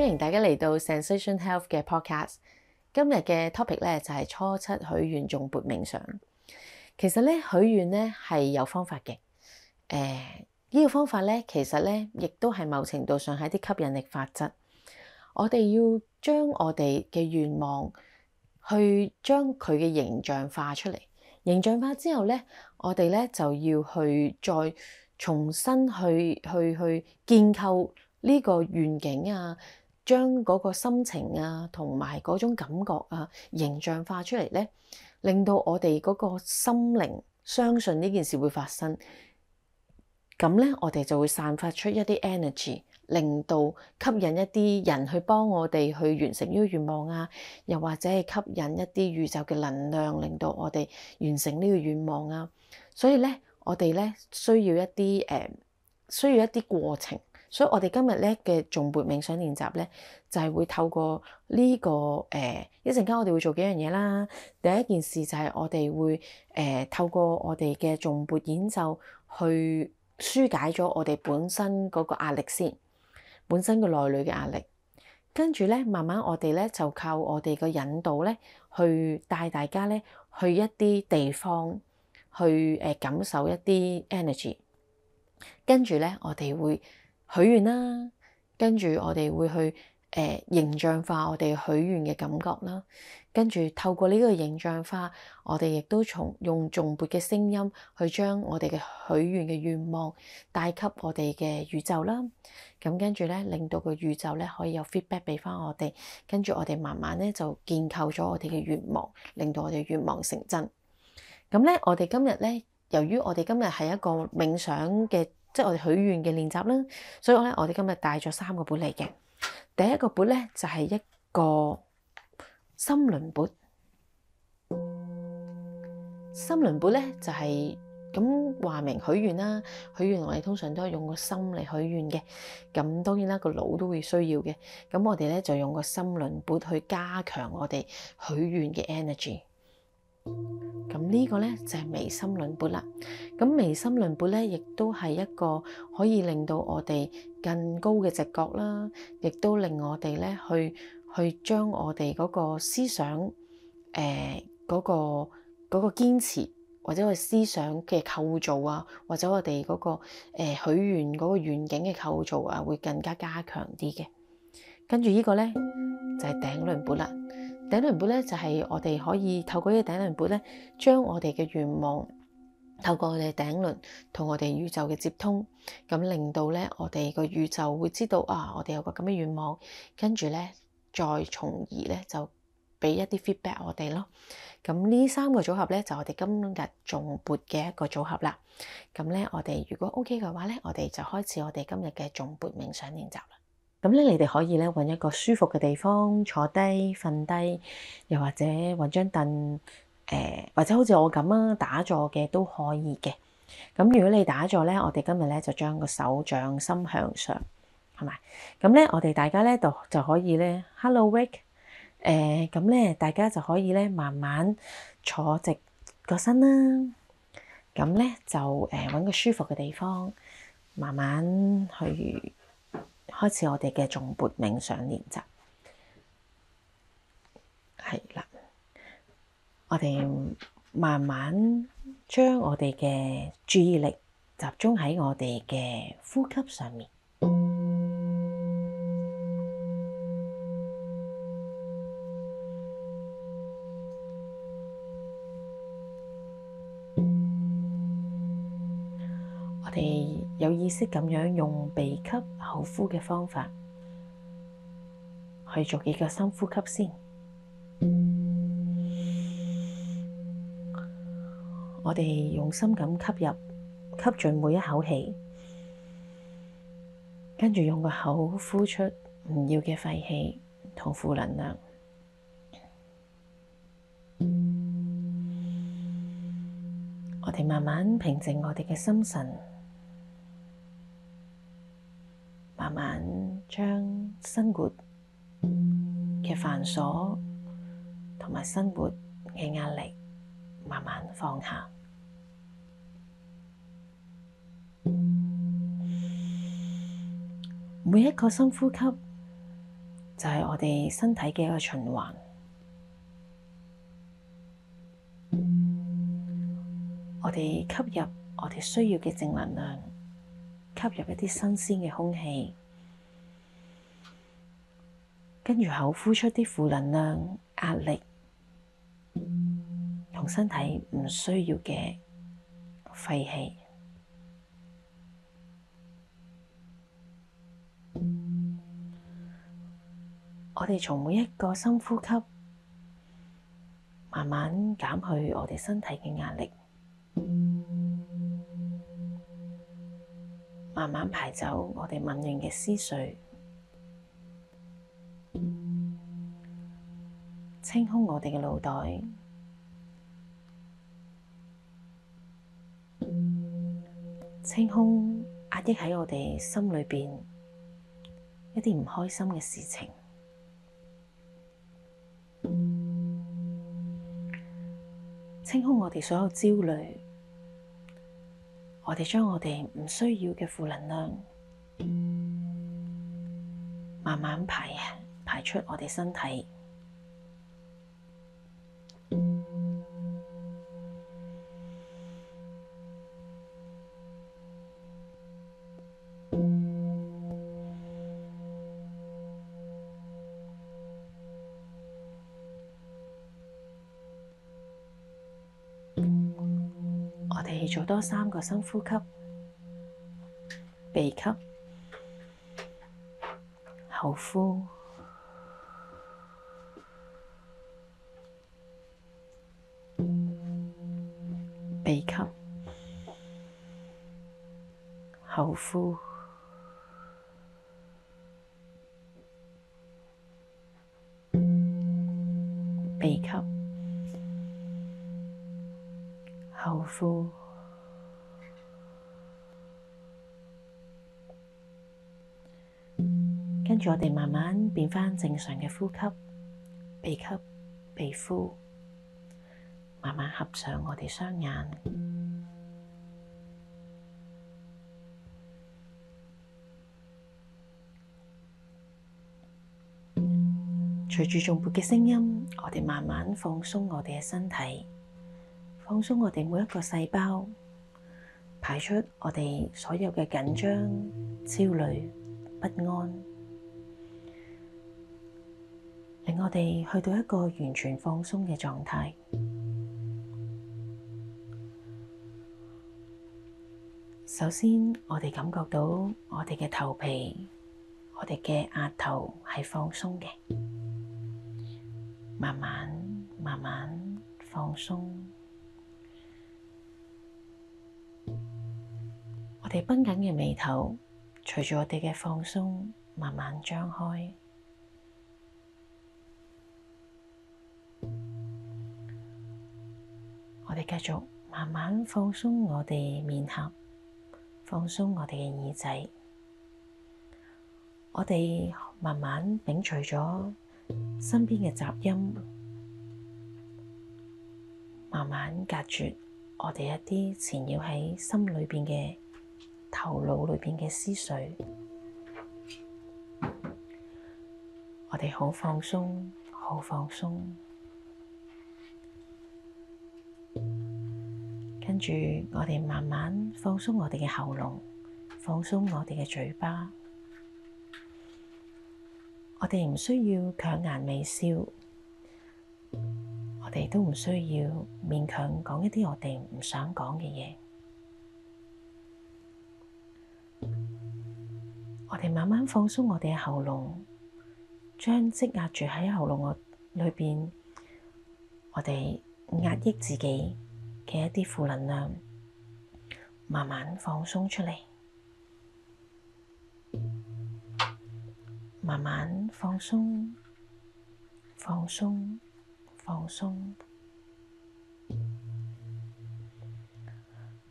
歡迎大家嚟到 Zensation Health 嘅 Podcast。今日嘅 topic 咧就係初七許願頌缽冥想。其實咧許願咧係有方法嘅。誒、呃，呢、這個方法咧其實咧亦都係某程度上係一啲吸引力法則。我哋要將我哋嘅願望去將佢嘅形象化出嚟。形象化之後咧，我哋咧就要去再重新去去去,去建構呢個願景啊。將嗰個心情啊，同埋嗰種感覺啊，形象化出嚟咧，令到我哋嗰個心靈相信呢件事會發生，咁咧我哋就會散發出一啲 energy，令到吸引一啲人去幫我哋去完成呢個願望啊，又或者係吸引一啲宇宙嘅能量，令到我哋完成呢個願望啊。所以咧，我哋咧需要一啲誒，需要一啲，呃，過程。所以我哋今日咧嘅頌缽冥想練習咧，就係、是、會透過呢、這個誒、呃、一陣間，我哋會做幾樣嘢啦。第一件事就係我哋會誒、呃、透過我哋嘅頌缽演奏去舒解咗我哋本身嗰個壓力先，本身嘅內裏嘅壓力。跟住咧，慢慢我哋咧就靠我哋嘅引導咧，去帶大家咧去一啲地方去誒感受一啲 energy。跟住咧，我哋會。許願啦，跟住我哋會去誒、呃、形象化我哋許願嘅感覺啦，跟住透過呢個形象化，我哋亦都從用頌缽嘅聲音去將我哋嘅許願嘅願望帶給我哋嘅宇宙啦。咁跟住咧，令到個宇宙咧可以有 feedback 俾翻我哋，跟住我哋慢慢咧就建構咗我哋嘅願望，令到我哋願望成真。咁咧，我哋今日咧，由於我哋今日係一個冥想嘅。即係我哋許願嘅練習啦，所以咧我哋今日帶咗三個缽嚟嘅。第一個缽咧就係一個心輪缽，心輪缽咧就係咁話明許願啦。許願我哋通常都係用個心嚟許願嘅，咁當然啦個腦都會需要嘅。咁我哋咧就用個心輪缽去加強我哋許願嘅 energy。咁呢個咧就係、是、眉心輪缽啦，咁眉心輪缽咧亦都係一個可以令到我哋更高嘅直覺啦，亦都令我哋咧去去將我哋嗰個思想誒嗰、呃那個嗰、那個堅持，或者我思想嘅構造啊，或者我哋嗰、那個誒許願嗰個願景嘅構造啊，會更加加強啲嘅。跟住呢個咧就係頂輪缽啦。頂輪缽咧就係我哋可以透過呢個頂輪缽咧，將我哋嘅願望透過我哋頂輪同我哋宇宙嘅接通，咁令到咧我哋個宇宙會知道啊，我哋有個咁嘅願望，跟住咧再從而咧就俾一啲 feedback 我哋咯。咁呢三個組合咧就我哋今日頌缽嘅一個組合啦。咁咧我哋如果 OK 嘅話咧，我哋就開始我哋今日嘅頌缽冥想練習啦。咁咧，你哋可以咧，揾一個舒服嘅地方坐低瞓低，又或者揾張凳，誒、呃，或者好似我咁啊，打坐嘅都可以嘅。咁如果你打坐咧，我哋今日咧就將個手掌心向上，係咪？咁咧，我哋大家咧就就可以咧，hello wake，誒、呃，咁咧大家就可以咧，慢慢坐直個身啦。咁咧就誒，揾、呃、個舒服嘅地方，慢慢去。開始我哋嘅頌缽冥想練習，係啦，我哋慢慢將我哋嘅注意力集中喺我哋嘅呼吸上面。即咁樣，用鼻吸口呼嘅方法，去做幾個深呼吸先。 我哋用心咁吸入、吸進每一口氣，跟住用個口呼出唔要嘅廢氣同負能量。 我哋慢慢平靜我哋嘅心神。將生活嘅繁瑣同埋生活嘅壓力慢慢放下。每一個深呼吸就係我哋身體嘅一個循環。我哋吸入我哋需要嘅正能量，吸入一啲新鮮嘅空氣。跟住口呼出啲負能量、壓力同身體唔需要嘅廢氣，我哋從每一個深呼吸，慢慢減去我哋身體嘅壓力，慢慢排走我哋紊亂嘅思緒。清空我哋嘅腦袋，清空壓抑喺我哋心裏邊一啲唔開心嘅事情，清空我哋所有焦慮，我哋將我哋唔需要嘅負能量慢慢排排出我哋身體。做多三個深呼吸，鼻吸，口呼，鼻吸，口呼。我哋慢慢變翻正常嘅呼吸，鼻吸鼻呼，慢慢合上我哋雙眼。隨住頌缽嘅聲音，我哋慢慢放鬆我哋嘅身體，放鬆我哋每一個細胞，排出我哋所有嘅緊張、焦慮、不安。我哋去到一個完全放鬆嘅狀態。首先，我哋感覺到我哋嘅頭皮、我哋嘅額頭係放鬆嘅，慢慢、慢慢放鬆。我哋繃緊嘅眉頭，隨住我哋嘅放鬆，慢慢張開。我哋繼續慢慢放鬆我哋面頰，放鬆我哋嘅耳仔，我哋慢慢摒除咗身邊嘅雜音，慢慢隔絕我哋一啲纏繞喺心裏邊嘅頭腦裏邊嘅思緒，我哋好放鬆，好放鬆。住我哋慢慢放鬆我哋嘅喉嚨，放鬆我哋嘅嘴巴。我哋唔需要強顏微笑，我哋都唔需要勉強講一啲我哋唔想講嘅嘢。我哋慢慢放鬆我哋嘅喉嚨，將積壓住喺喉嚨我裏邊，我哋壓抑自己。嘅一啲負能量，慢慢放鬆出嚟，慢慢放鬆，放鬆，放鬆。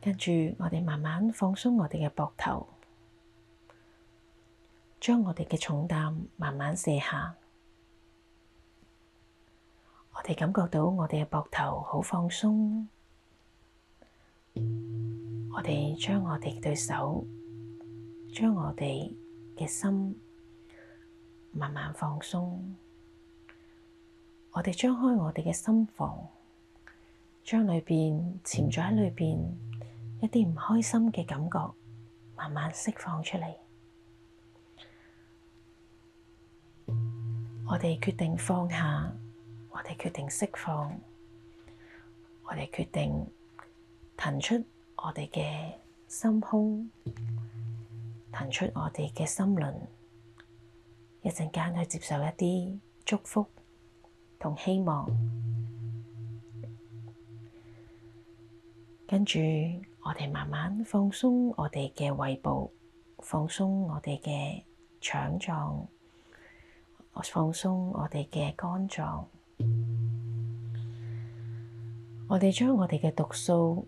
跟住，我哋慢慢放鬆我哋嘅膊頭，將我哋嘅重擔慢慢卸下。我哋感覺到我哋嘅膊頭好放鬆。我哋將我哋對手，將我哋嘅心慢慢放鬆。我哋張開我哋嘅心房，將裏邊潛在喺裏邊一啲唔開心嘅感覺，慢慢釋放出嚟。我哋決定放下，我哋決定釋放，我哋決定。騰出我哋嘅心胸，騰出我哋嘅心輪，一陣間去接受一啲祝福同希望，跟住我哋慢慢放鬆我哋嘅胃部，放鬆我哋嘅腸臟，放鬆我哋嘅肝臟，我哋將我哋嘅毒素。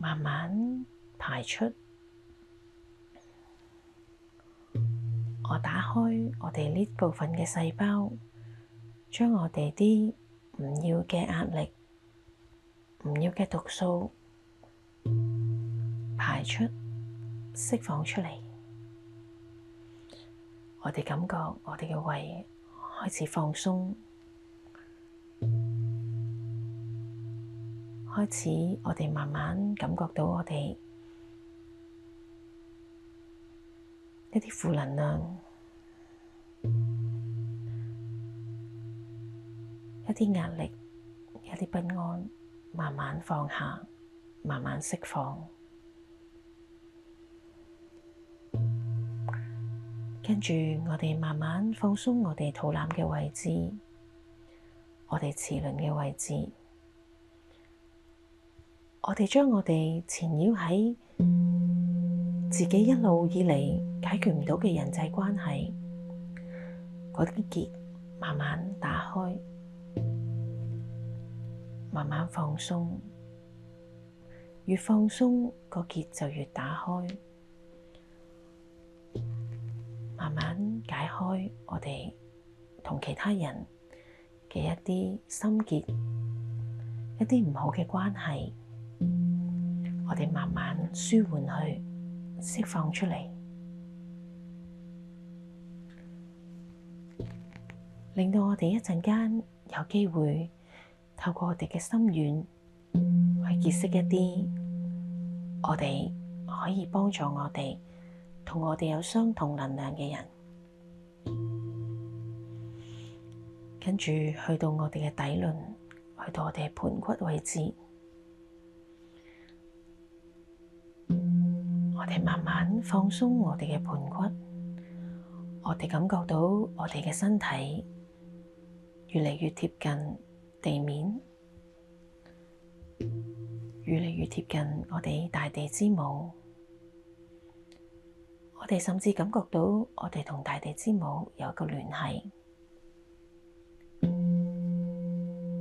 慢慢排出，我打開我哋呢部分嘅細胞，將我哋啲唔要嘅壓力、唔要嘅毒素排出、釋放出嚟，我哋感覺我哋嘅胃開始放鬆。開始，我哋慢慢感覺到我哋一啲負能量、一啲壓力、一啲不安，慢慢放下，慢慢釋放。跟住，我哋慢慢放鬆我哋肚腩嘅位置，我哋臍輪嘅位置。我哋將我哋纏繞喺自己一路以嚟解決唔到嘅人際關係嗰啲結，慢慢打開，慢慢放鬆，越放鬆個結就越打開，慢慢解開我哋同其他人嘅一啲心結，一啲唔好嘅關係。我哋慢慢舒緩佢釋放出嚟，令到我哋一陣間有機會透過我哋嘅心願去結識一啲我哋可以幫助我哋同我哋有相同能量嘅人，跟住去到我哋嘅底輪，去到我哋嘅盤骨位置。我哋慢慢放鬆我哋嘅盤骨，我哋感覺到我哋嘅身體越嚟越貼近地面，越嚟越貼近我哋大地之母。我哋甚至感覺到我哋同大地之母有一個聯繫，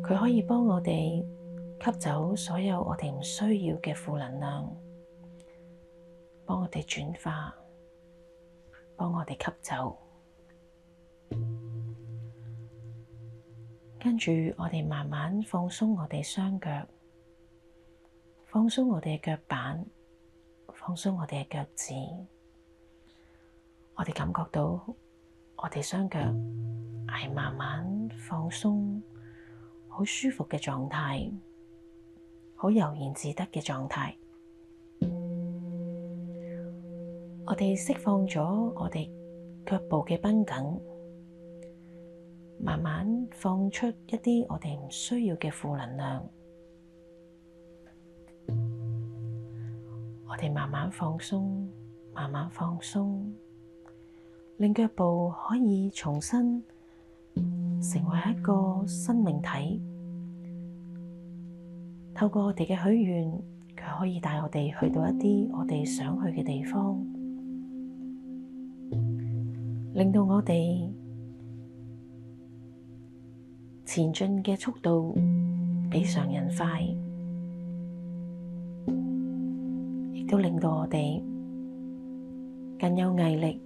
佢可以幫我哋吸走所有我哋唔需要嘅負能量。幫我哋轉化，幫我哋吸走，跟住我哋慢慢放鬆我哋雙腳，放鬆我哋嘅腳板，放鬆我哋嘅腳趾，我哋感覺到我哋雙腳係慢慢放鬆，好舒服嘅狀態，好悠然自得嘅狀態。我哋釋放咗我哋腳部嘅繃緊，慢慢放出一啲我哋唔需要嘅負能量。我哋慢慢放鬆，慢慢放鬆，令腳部可以重新成為一個生命體。透過我哋嘅許願，佢可以帶我哋去到一啲我哋想去嘅地方。令到我哋前進嘅速度比常人快，亦都令到我哋更有毅力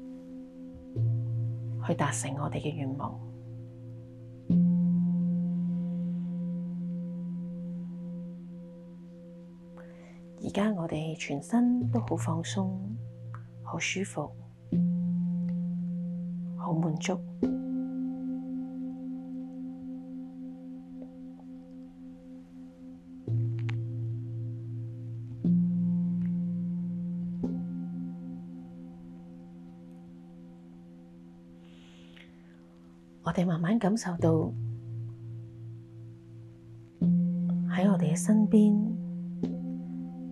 去達成我哋嘅願望。而家我哋全身都好放鬆，好舒服。我哋慢慢感受到喺我哋嘅身邊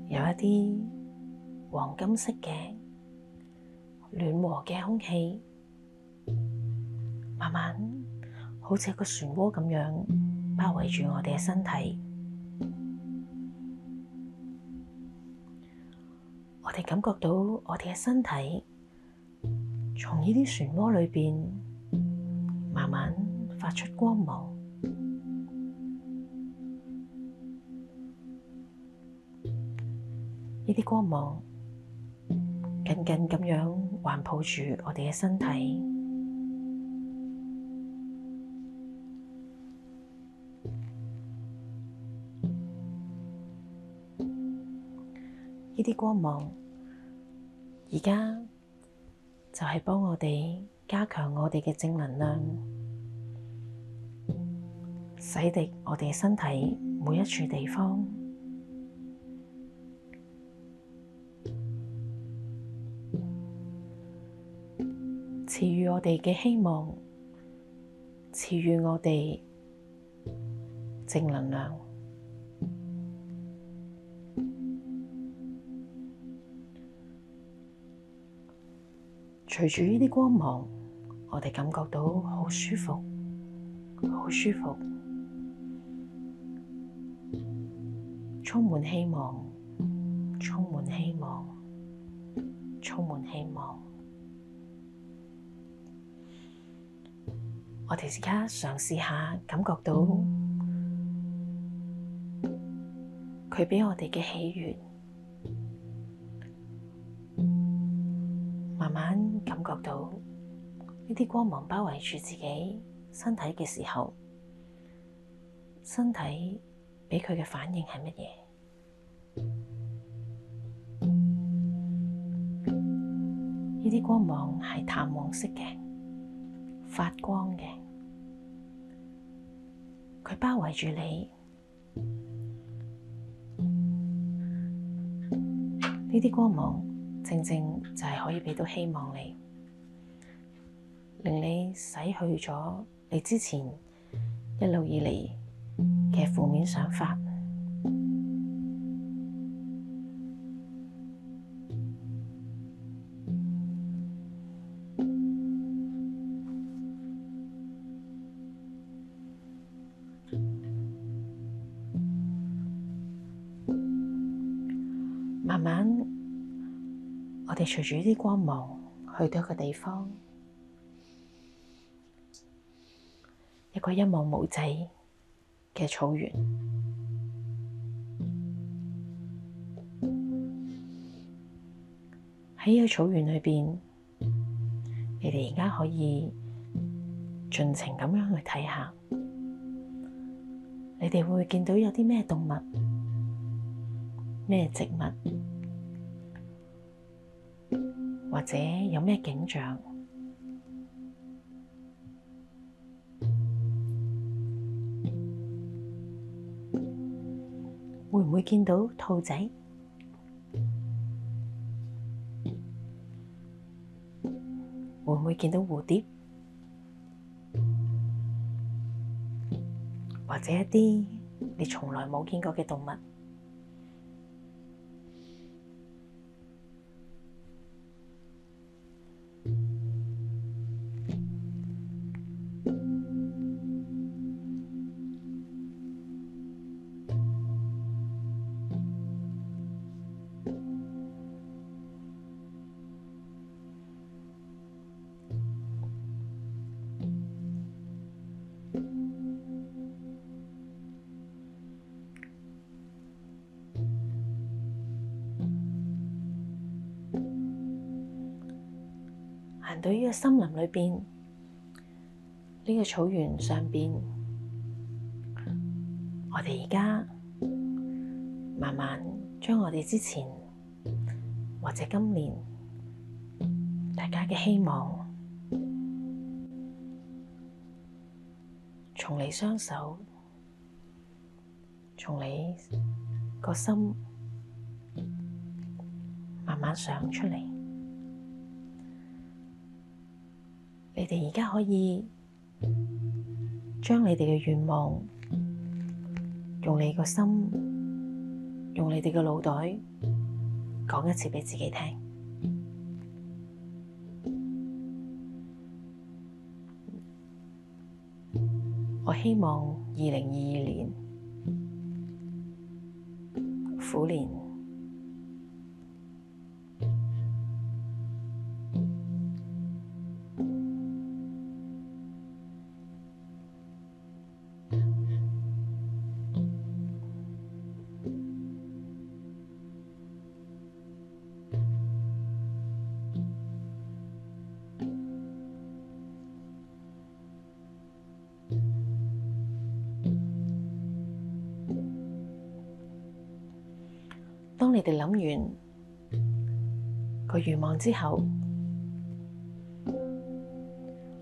有一啲黃金色嘅暖和嘅空氣。慢慢，好似個漩渦咁樣包圍住我哋嘅身體。我哋感覺到我哋嘅身體從呢啲漩渦裏邊慢慢發出光芒。呢啲光芒緊緊咁樣環抱住我哋嘅身體。呢啲光芒，而家就係幫我哋加強我哋嘅正能量，洗滌我哋身體每一處地方，賜予我哋嘅希望，賜予我哋正能量。隨住呢啲光芒，我哋感覺到好舒服，好舒服，充滿希望，充滿希望，充滿希望。我哋而家嘗試下，感覺到佢畀我哋嘅喜悅。慢慢感覺到呢啲光芒包圍住自己身體嘅時候，身體畀佢嘅反應係乜嘢？呢啲光芒係淡黃色嘅，發光嘅，佢包圍住你。呢啲光芒。正正就係可以畀到希望你，令你洗去咗你之前一路以嚟嘅負面想法。隨住啲光芒去到一個地方，一個一望無際嘅草原。喺呢個草原裏邊，你哋而家可以盡情咁樣去睇下，你哋會見到有啲咩動物、咩植物？或者有咩景象？會唔會見到兔仔？會唔會見到蝴蝶？或者一啲你從來冇見過嘅動物？喺呢個森林裏邊，呢個草原上邊，我哋而家慢慢將我哋之前或者今年大家嘅希望，從你雙手，從你個心，慢慢想出嚟。你哋而家可以將你哋嘅願望，用你個心，用你哋嘅腦袋，講一次畀自己聽。我希望二零二二年虎年。苦年你哋諗完個願望之後，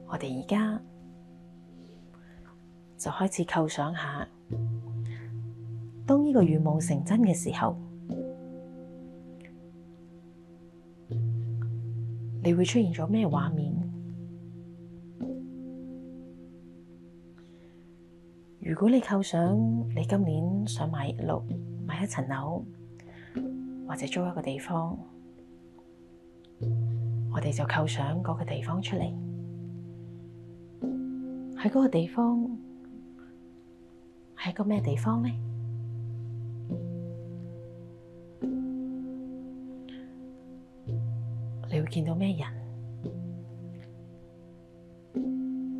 我哋而家就開始構想下，當呢個願望成真嘅時候，你會出現咗咩畫面？如果你構想你今年想買六買一層樓。或者租一個地方，我哋就構想嗰個地方出嚟。喺嗰個地方，喺個咩地方咧？你會見到咩人？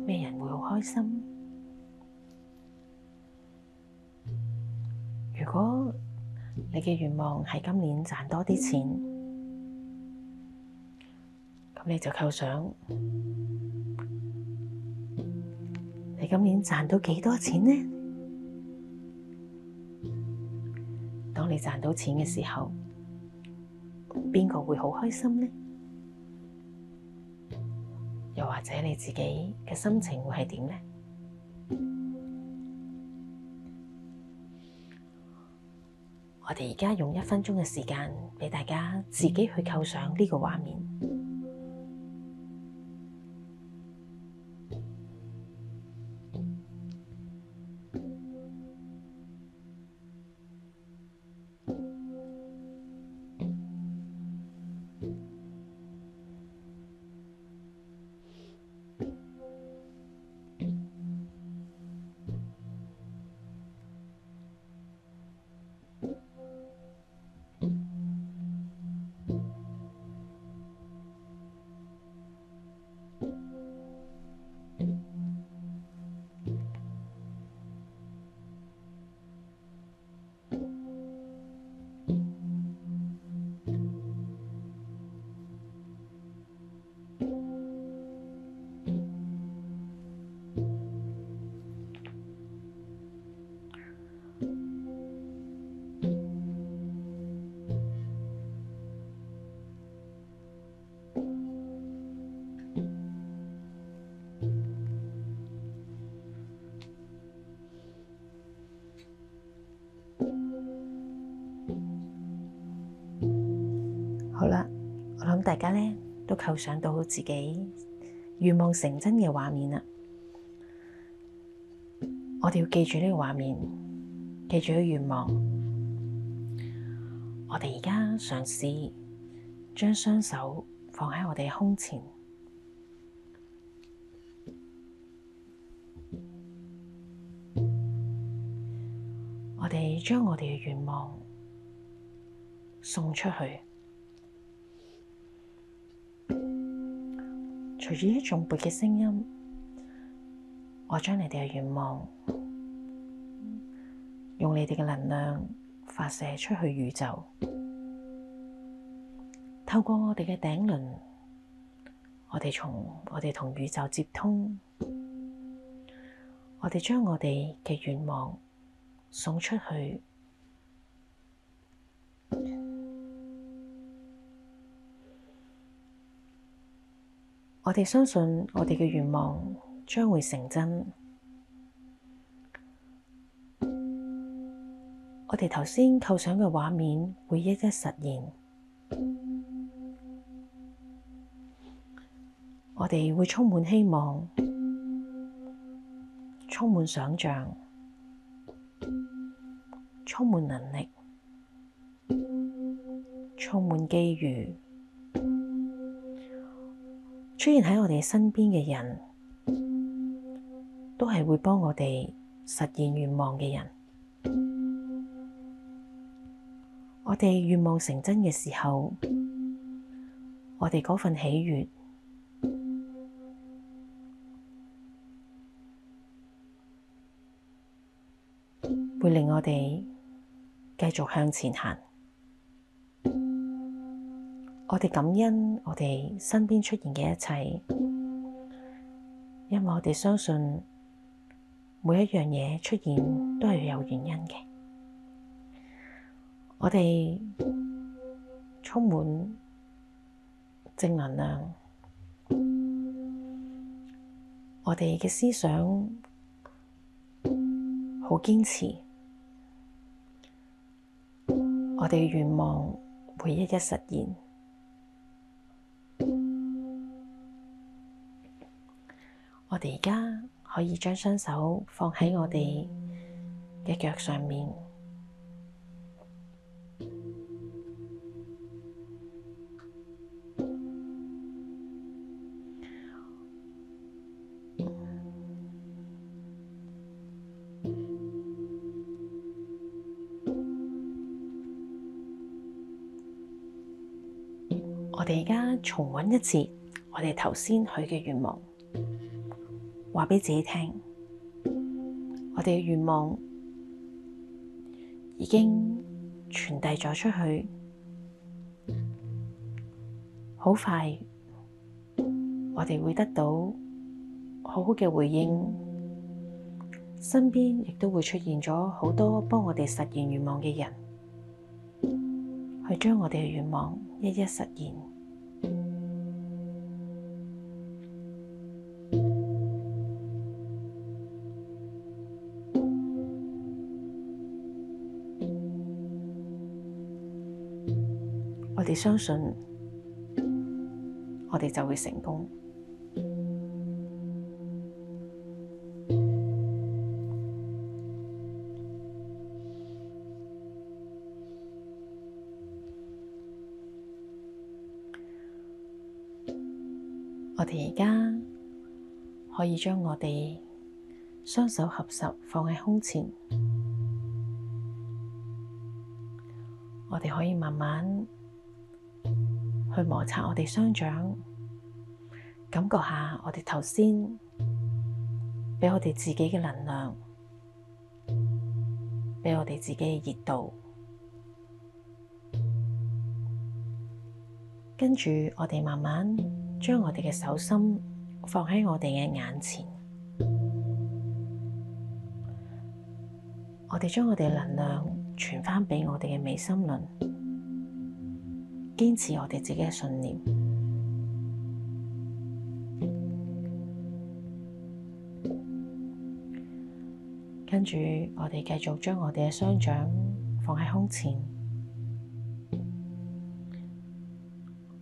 咩人會好開心？你嘅願望係今年賺多啲錢，咁你就構想，你今年賺到幾多錢呢？當你賺到錢嘅時候，邊個會好開心呢？又或者你自己嘅心情會係點呢？我哋而家用一分鐘嘅時間，俾大家自己去構想呢個畫面。而家咧都構想到自己願望成真嘅畫面啦，我哋要記住呢個畫面，記住個願望。我哋而家嘗試將雙手放喺我哋胸前，我哋將我哋嘅願望送出去。隨住一種缽嘅聲音，我將你哋嘅願望，用你哋嘅能量發射出去宇宙。透過我哋嘅頂輪，我哋從我哋同宇宙接通，我哋將我哋嘅願望送出去。我哋相信，我哋嘅願望將會成真。我哋頭先構想嘅畫面會一一實現。我哋會充滿希望，充滿想象，充滿能力，充滿機遇。出現喺我哋身邊嘅人都係會幫我哋實現願望嘅人。我哋願望成真嘅時候，我哋嗰份喜悅會令我哋繼續向前行。我哋感恩我哋身邊出現嘅一切，因為我哋相信每一樣嘢出現都係有原因嘅。我哋充滿正能量，我哋嘅思想好堅持，我哋嘅願望會一一實現。我哋而家可以將雙手放喺我哋嘅腳上面。我哋而家重溫一次我哋頭先許嘅願望。話畀自己聽，我哋嘅願望已經傳遞咗出去，好快我哋會得到好好嘅回應，身邊亦都會出現咗好多幫我哋實現願望嘅人，去將我哋嘅願望一一實現。我哋相信，我哋就會成功。我哋而家可以將我哋雙手合十放喺胸前，我哋可以慢慢，去摩擦我哋雙掌，感覺下我哋頭先畀我哋自己嘅能量，畀我哋自己嘅熱度。跟住我哋慢慢將我哋嘅手心放喺我哋嘅眼前，我哋將我哋嘅能量傳翻畀我哋嘅眉心輪。堅持我哋自己嘅信念，跟住我哋繼續將我哋嘅雙掌放喺胸前，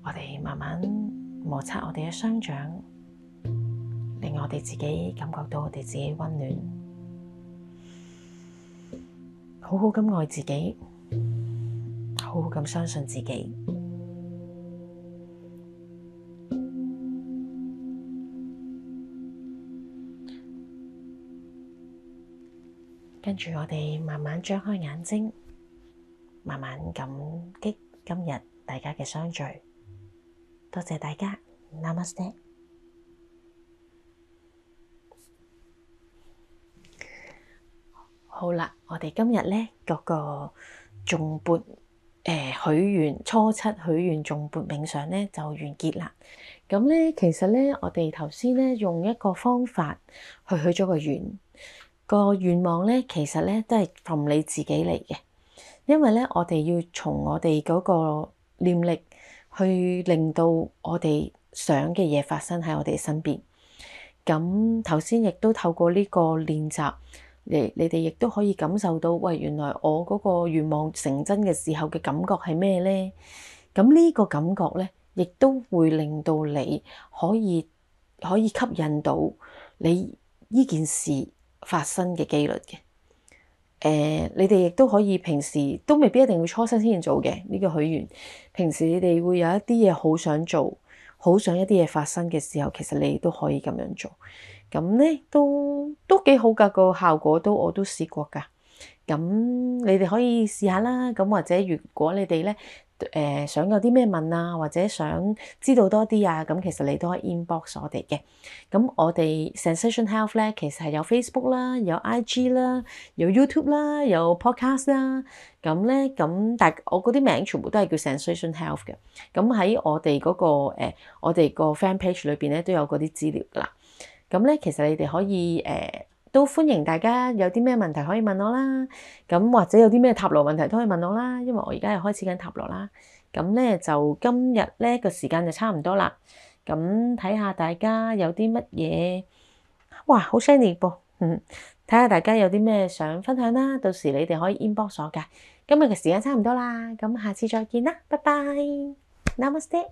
我哋慢慢摩擦我哋嘅雙掌，令我哋自己感覺到我哋自己溫暖，好好咁愛自己，好好咁相信自己。跟住我哋慢慢張開眼睛，慢慢感激今日大家嘅相聚，多謝大家。Namaste。好啦，我哋今日咧嗰個頌缽誒、呃、許願初七許願頌缽冥想咧就完結啦。咁咧其實咧我哋頭先咧用一個方法去許咗個願。個願望咧，其實咧都係 f 你自己嚟嘅，因為咧，我哋要從我哋嗰個念力去令到我哋想嘅嘢發生喺我哋身邊。咁頭先亦都透過呢個練習，你你哋亦都可以感受到，喂，原來我嗰個願望成真嘅時候嘅感覺係咩咧？咁、嗯、呢、這個感覺咧，亦都會令到你可以可以吸引到你呢件事。發生嘅機率嘅，誒、呃，你哋亦都可以平時都未必一定要初七先做嘅，呢、這個許願。平時你哋會有一啲嘢好想做，好想一啲嘢發生嘅時候，其實你都可以咁樣做，咁咧都都幾好㗎，個效果都我都試過㗎，咁你哋可以試下啦。咁或者如果你哋咧。誒、呃、想有啲咩問啊，或者想知道多啲啊，咁其實你都可以 inbox 我哋嘅。咁我哋 Zensation Health 咧，其實係有 Facebook 啦，有 IG 啦，有 YouTube 啦，有 Podcast 啦。咁咧，咁但我嗰啲名全部都係叫 Zensation Health 嘅。咁喺我哋嗰、那個、呃、我哋個 Fan Page 裏邊咧都有嗰啲資料㗎啦。咁咧，其實你哋可以誒。呃都歡迎大家有啲咩問題可以問我啦，咁或者有啲咩塔羅問題都可以問我啦，因為我而家又開始緊塔羅啦。咁咧就今日咧個時間就差唔多啦。咁睇下大家有啲乜嘢哇，好犀利噃，嗯，睇 下大家有啲咩想分享啦。到時你哋可以 inbox 我嘅。今日嘅時間差唔多啦，咁下次再見啦，拜拜，Namaste。